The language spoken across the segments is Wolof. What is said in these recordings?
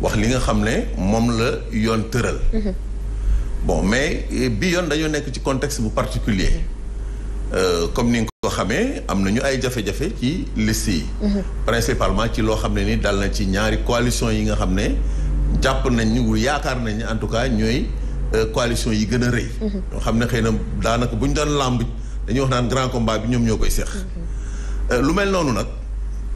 wax li nga xam ne moom la yoon tëral mhm. bon mais eh, bi yoon dañoo nekk ci contexte bu particulier mhm. euh, comme ni nga ko xamee am na ñu ay jafe-jafe ci list yi mhm. principalement ci loo xam ne ni dal na ci ñaari coalition yi nga xam ne jàpp nañ ñu yaakaar nañ en tout cas ñooy euh, coalition yi gën a rëy ñoo xam ne xëy na daanaka bu ñu doon làmb dañuy wax naan grand combat bi ñoom ñoo koy seex euh, lu mel noonu nag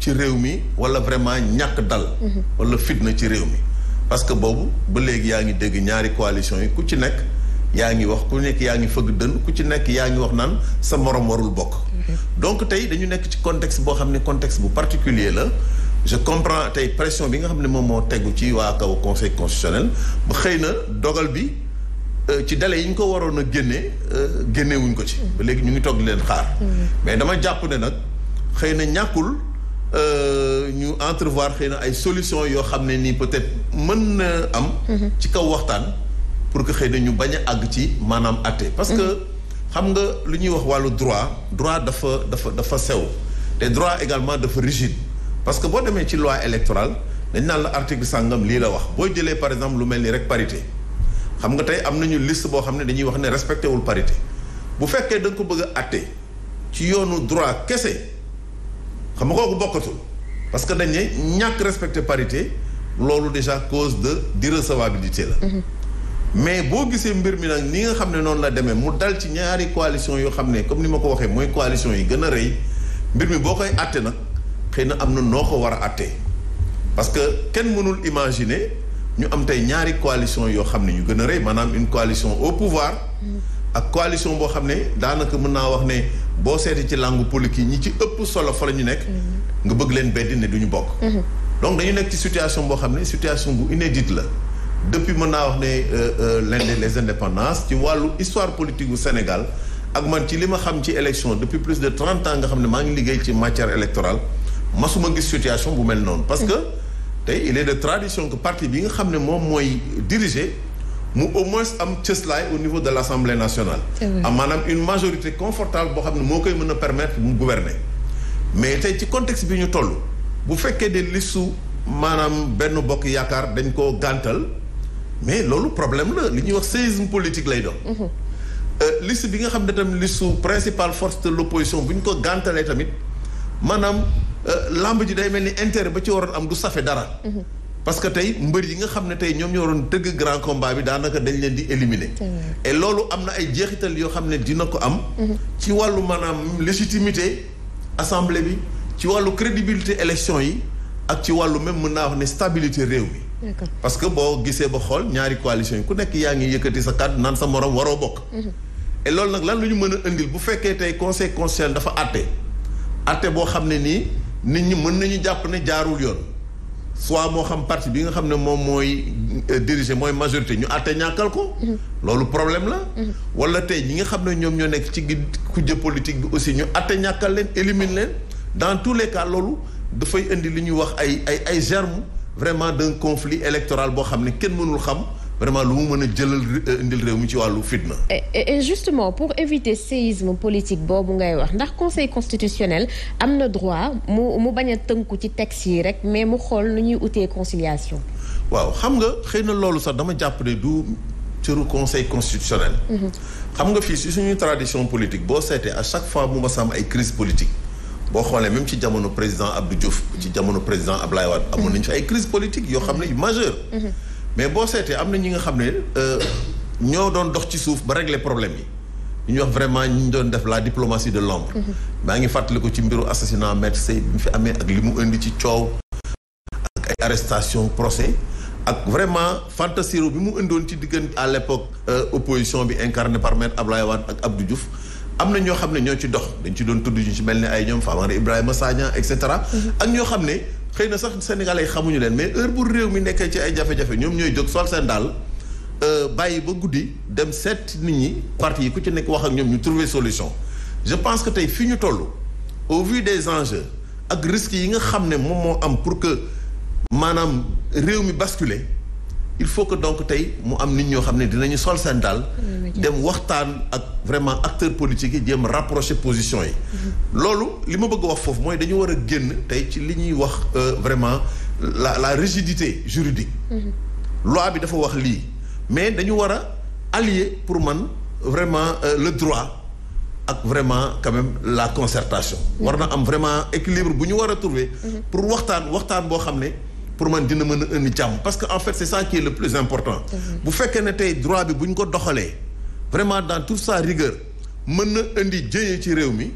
ci réew mi wala vraiment ñak dal wala fitna ci réew mi parce que Bobu, ba légui yaangi dégg ñaari coalition yi ku ci nek yaangi wax ku nek yaangi feug deun ku ci nek yaangi wax nan sa morom warul bok donc tay dañu nek ci contexte bo xamné contexte bu particulier la je comprends tay pression bi nga xamné ne moom moo ci wa kaw conseil constitutionnel ba xeyna dogal bi euh, ci délai yi ñu ko waroon a génnee euh, wuñ ko ci ba légui ñu ngi toog leen xaar mm-hmm. mais dama japp né nak xeyna ñakul euh, ñu entrevoir xëy ay solution yo xamné ni peut-être mën am. ci kaw waxtan pour que xëy ñu baña ag ci manam àtte. parce que xam nga lu ñuy wax walu droit droit dafa dafa dafa sew te droit également dafa rigide parce que bo démé ci loi électorale dañ naan la article sàngam lii la wax bo jëlee par exemple lu melni rek parité xam nga tay am nañu liste bo, xamné dañuy wax né respecté wul parité bu féké dañ ko bëgg a ci yoonu droit kese xam nga bokkatul parce que dañ ne ñàkk respecter parité loolu déjà cause de d'irrecevabilité la. Mhm. mais boo gisee mbir mi nag ni nga xam ne noonu la demee mu dal ci ñaari coalition yoo xam ne comme ni ma ko waxee mooy coalition yi gën a rëy mbir mi boo koy àtte nag xëy na am na noo ko war a àttee parce que kenn mënul imaginer ñu am tey ñaari coalition yoo xam ne ñu gën a rëy maanaam une coalition au pouvoir. Mhm. ak coalition boo xam ne daanaka mën naa wax ne si seetee langue politique ñi ci solo la ñu mhm. nga bëgg mhm. donc dañu une situation boo situation inédite depuis mon euh, euh, les indépendances tu histoire politique du Sénégal ak man ci depuis plus de 30 ans nga suis ne matière électorale je suis situation parce mhm. que il est de tradition que parti bi nga nous au moins am cëslaay au niveau de l'Assemblée nationale. am une majorité confortable bo xamne mo koy permettre mu gouverner. mais tay ci contexte bi ñu tollu bu fekkee des listu manam benn bokk yaakaar dañ ko gàntal mais lolu problème la li ñu wax séisme politique lay mhm. euh liste bi nga xam de tamit listu principale force de l'opposition buñ ko gàntalee tamit euh lamb ji day melni intérêt ba ci waron am du safé dara. Mhm. parce que tey mbër yi nga xam ne tey ñoom ñoo doon tëgg grand combat bi daanaka dañ leen di éliminer loolu am na ay jeexital yoo xam ne dina ko am mm-hmm. ci wàllu maanaam légitimité assemblée bi ci wàllu crédibilité élection yi ak ci wàllu même mën naa wax ne stabilité réew mi parce que boo gisee ba xool ñaari coalition yi ku nekk yaa ngi yëkkati sa kàddu naan sa morom waroo bokk mm-hmm. et loolu nag lan lu ñu mën a indil bu fekkee tey conseil constitutionnel dafa àtte àtte boo xam ne nii nit ñi mën nañu jàpp ne jaarul yoon soit mo xam parti bi nga xamne mom moy euh, diriger moy majorité ñu àtte ñakal ko. Mm-hmm. lolu problème la. Mm-hmm. wala tay ñi nga xamne ñom ñoo nek ci kujje politique bi aussi ñu àtte ñakal leen élimine leen dans tous les cas lolu da fay indi li ñu wax ay ay ay germe vraiment d'un conflit électoral bo xamne ne kenn mënul xam vraiment lu mu jëlal euh, indil réew mi ci walu fitna. et justement pour éviter séisme politique boobu ngay wax ndax conseil constitutionnel amna droit mu mu baña a ci texte yi rek mais mu xol nu ñuy outé conciliation. waaw xam nga xeyna lolu sax dama jàpp du cëru conseil constitutionnel. Mhm. xam nga fi suñu tradition politique bo seetee à chaque fois mu ma am ay crise politique bo xolé même ci jamono président Abdou Diouf. ci jamono président Ablaye Wade. amoon mhm. nañu ay crise politique yo xamné ne yu mais boo seetee amna ñi nga xamné euh ñoo doon dox ci souf ba régler problème yi ñu wax vraiment ñu doon def la diplomatie de l'ombre mm-hmm. ma ngi ko ci mbiru assassinat maître Sey bi fi amé ak limu indi ci ciow ak ay arrestation procès ak vraiment fantasiro bi mu indoon ci diggante à l'époque euh, opposition bi incarné par maître Abdoulaye Wade ak Abdou Diouf amna na ñoo xam ñoo ci dox dañ ci doon tudd ci melni ay ñom Famara Ibrahima Sagna et cetera mm-hmm. ak ñoo xamné xeyna na sax sénégalais xamuñu len mais heure bu rew mi nekkee ci ay jafé jafé ñom ñoy jóg sol sen dal euh bayyi ba goudi dem set nit ñi parti ku ci nekk wax ak ñom ñu trouver solution je pense que tay fiñu tollu au vu des enjeux ak risque yi nga xamné mom mo am pour que manam rew mi basculer il faut que donc tay mu am nit ñoo xamné dinañu sol sen dal dem waxtaan ak vraiment acteur politique, yi dem rapprocher position yi lolu li ma bëgg wax foofu moy dañu wara a tay ci li ñuy wax euh, vraiment la la rigidité juridique loi bi dafa wax li mais dañu wara allier pour man vraiment euh, le droit ak vraiment quand même la concertation war am vraiment équilibre bu ñu wara trouver pour waxtaan waxtaan bo xamné pour man dina mën indi jàmm parce que en fait c'est ça qui est le plus important. bu fekkene tay droit bi buñ ko doxalee vraiment dans toute sa rigueur mën indi jëye ci rewmi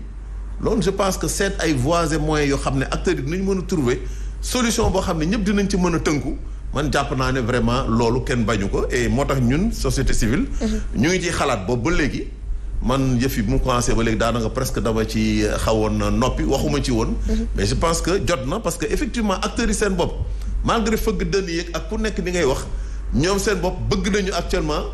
mi je pense que seet ay voies et moyens yo xamné acteurs yi dinañ trouver solution bo xamné ne dinañ ci meuna a man japp na né vraiment lolu ken bañu ko et motax ñun société civile. Mhm. ñu ngi ci xalat bo ba légui man yëf yi bu mu commencé ba léegi daanaka presque dama ci xawoon noppi waxuma ci woon. Mhm. mais je pense que jot na parce que effectivement acteurs yi seen bopp malgré feug dënn yeeg ak ku nek ni ngay wax ñom seen bop bëgg nañu actuellement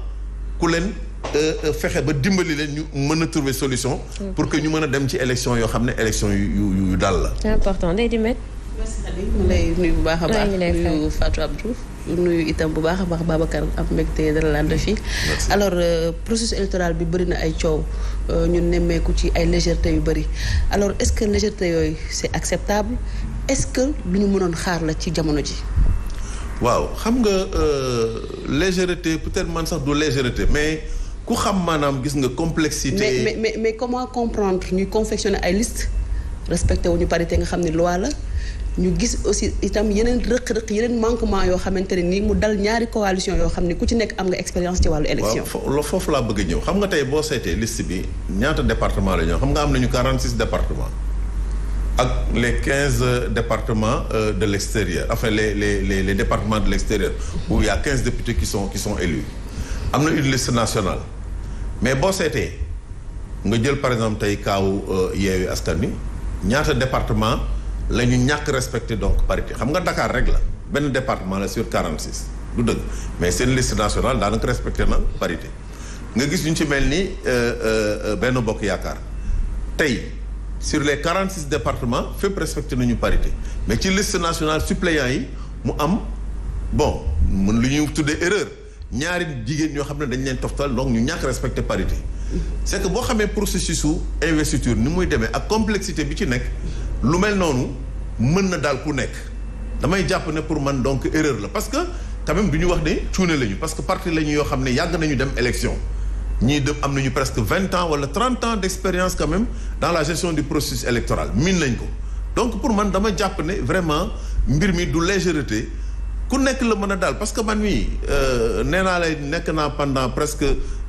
ku leen euh, euh, fexé ba dimbali leen ñu mëna trouver solution. pour que ñu mëna dem ci élection yo xamné élection yu yu yu daal la. c'est important day di met. ñu lay nuyu bu baax baax nuyu Fatou Abdou nuyu itam bu baax baax Babacar am mbégte dara laan fi alors euh, processus électoral bi bari na ay ciow ñun nemmeeku ci ay légèreté yu bari alors est-ce que légèreté yoy c'est acceptable est-ce que lu ñu mënoon xaar la ci jamono ji. waaw xam nga euh, légèreté peut-être man sax du légèreté mais ku xam maanaam gis nga complexité. mais mais mais, mais comment comprendre ñuy confectionner ay liste respecté wu ñu parité nga xam ne loi la ñu gis aussi itam yeneen rëq-rëq yeneen manquement yoo xamante ne nii mu dal ñaari coalition yoo xam ne ku ci nekk am nga expérience ci wàllu élection waaw foofu laa bëgg a ñëw xam nga tey boo seetee liste bi ñaata département la ñoo xam nga am nañu 46 département les 15 euh, départements euh, de l'extérieur enfin les départements de l'extérieur où il y a 15 députés qui sont qui sont élus On a une liste nationale mais bon c'était. nga jël par exemple eu à il y a ñaata département la donc parité xam nga Dakar règle, ben département sur 46 Mais c'est mais liste nationale daanaka respecté la parité sur les quarante six départements fépp respecté nañu parité mais ci liste nationale suppléants yi mu am bon mën lu ñuy tuddee erreur ñaari jigéen ñoo xam ne dañ leen toftal donc ñu ñàkk respecté parité c' boo xamee processus su investiture ni muy demee ak complexité bi ci nekk lu mel noonu mën na daal ku nekk damay jàpp ne pour man donc erreur la parce que quand même du ñu wax ne cuune la ñu parce que parti la ñu yoo xam ne yàgg nañu dem élection nous avons presque 20 ans ou 30 ans d'expérience quand même dans la gestion du processus électoral donc pour moi, dama jàpp vraiment nous de du légèreté ku nekk parce que man mii euh, nee pendant presque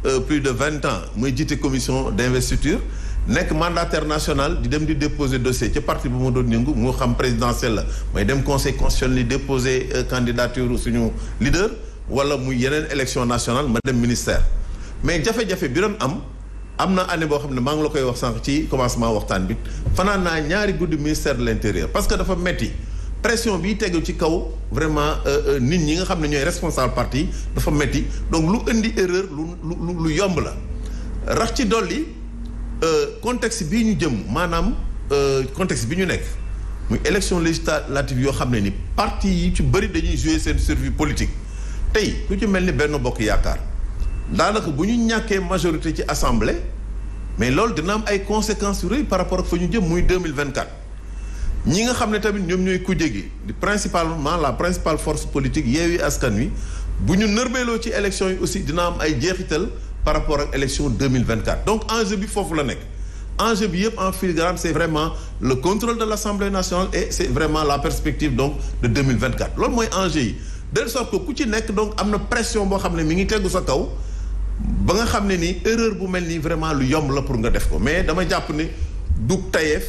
euh, plus de 20 ans muy jiite commission d'investiture je nekk mandataire national di dem di déposer dossier ca parti bu mon do yëngu je xam présidentiel, la dem conseil constitutionnel di déposer euh, candidature suñu leader y a une élection nationale Madame suis ministère mais jafe-jafe bi doon am am na année boo xam ne maa ngi la koy wax sànq ci commencement waxtaan bi fanaan naa ñaari guddi ministère de l'intérieur parce que dafa metti pression bi tegu ci kaw vraiment euh, euh, nit ñi nga xam ne ñooy responsable parti dafa metti donc lu indi erreur lu lu yomb la rax ci dolli euh, contexte bii ñu jëm maanaam contexte bi ñu nekk muy élection législative yoo xam ne ni parti yi ci bëri dañuy jouer seen survie politique tey lu ci mel ni benn bokk yaakaar danaka buñu ñaké majorité ci assemblée mais lool dina am ay conséquences sur par rapport ak fa ñu jëm muy 2024 ñi nga xamné tamit ñom ñoy gi principalement la principale force politique est Askan Wi Nous neurbélo ci élection yi aussi dina am ay par rapport à l'élection 2024 donc enjeu bi fofu la nek. enjeu bi en filigrane c'est vraiment le contrôle de l'Assemblée nationale et c'est vraiment la perspective donc de 2024 Lool moy enjeu yi de sorte que ku ci nek donc amna pression bo xamné mi ngi téggu sa kaw ba nga xam ne ni erreur bu mel nii vraiment lu yomb la pour nga def ko mais dama jàpp ne du tayeef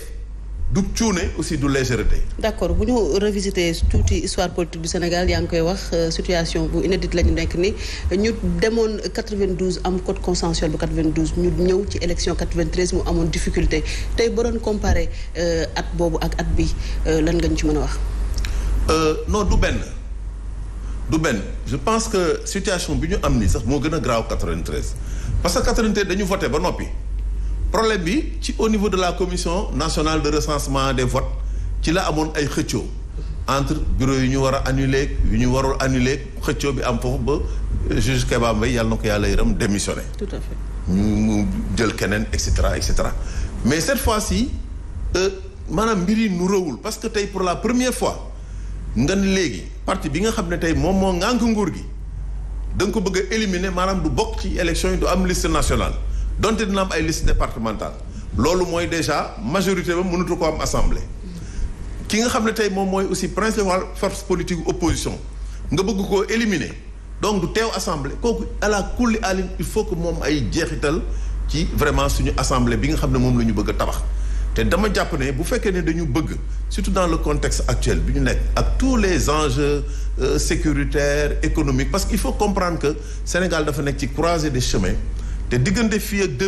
du cuune aussi du légèreté. d' accord bu ñu revisiter tuuti histoire politique du Sénégal yaa ngi koy wax euh, situation bu inédite la ñu nekk ni ñu demoon 92 am code consensuel bu 92 ñu ñëw ci élection 93 mu amoon difficulté tey boo doon comparé euh, at boobu ak at bi euh, lan nga ñu ci mën a wax. non du benn. Douben, je pense que la situation que nous avons, c'est sax nous grave 93 parce que 93 avons voté ba Le problème c'est qu'au au niveau de la commission nationale de recensement des votes ci a eu un xëccoo entre bureau bureaux ñu war annulé le ñu annulé xëccoo bi am euh, juge Keba démissionné. tout à fait ñu mu etc. mais cette fois-ci Mme Biri nous nu parce que c'est pour la première fois nga légui parti bi nga xamné tay mom mo moo ŋànk nguur gi ko bëgg éliminer manam du bok ci élection yi du am liste nationale donte dina am ay liste départementale lolu moy déjà majorité ba mënutu ko am assemblée ki nga xamné tay mom moy aussi principale force politique opposition nga bëgg ko éliminer donc du teew assemblée kooku ala kulli aline il faut que mom ay jéxital ci vraiment suñu assemblée bi nga xamné mom lañu bëgg tabax dans dama japonais, vous bu que nous dañu bëgg surtout dans le contexte actuel à tous les enjeux euh, sécuritaires économiques parce qu'il faut comprendre que Sénégal dafa croiser ci croisée des chemins te diggante fii ak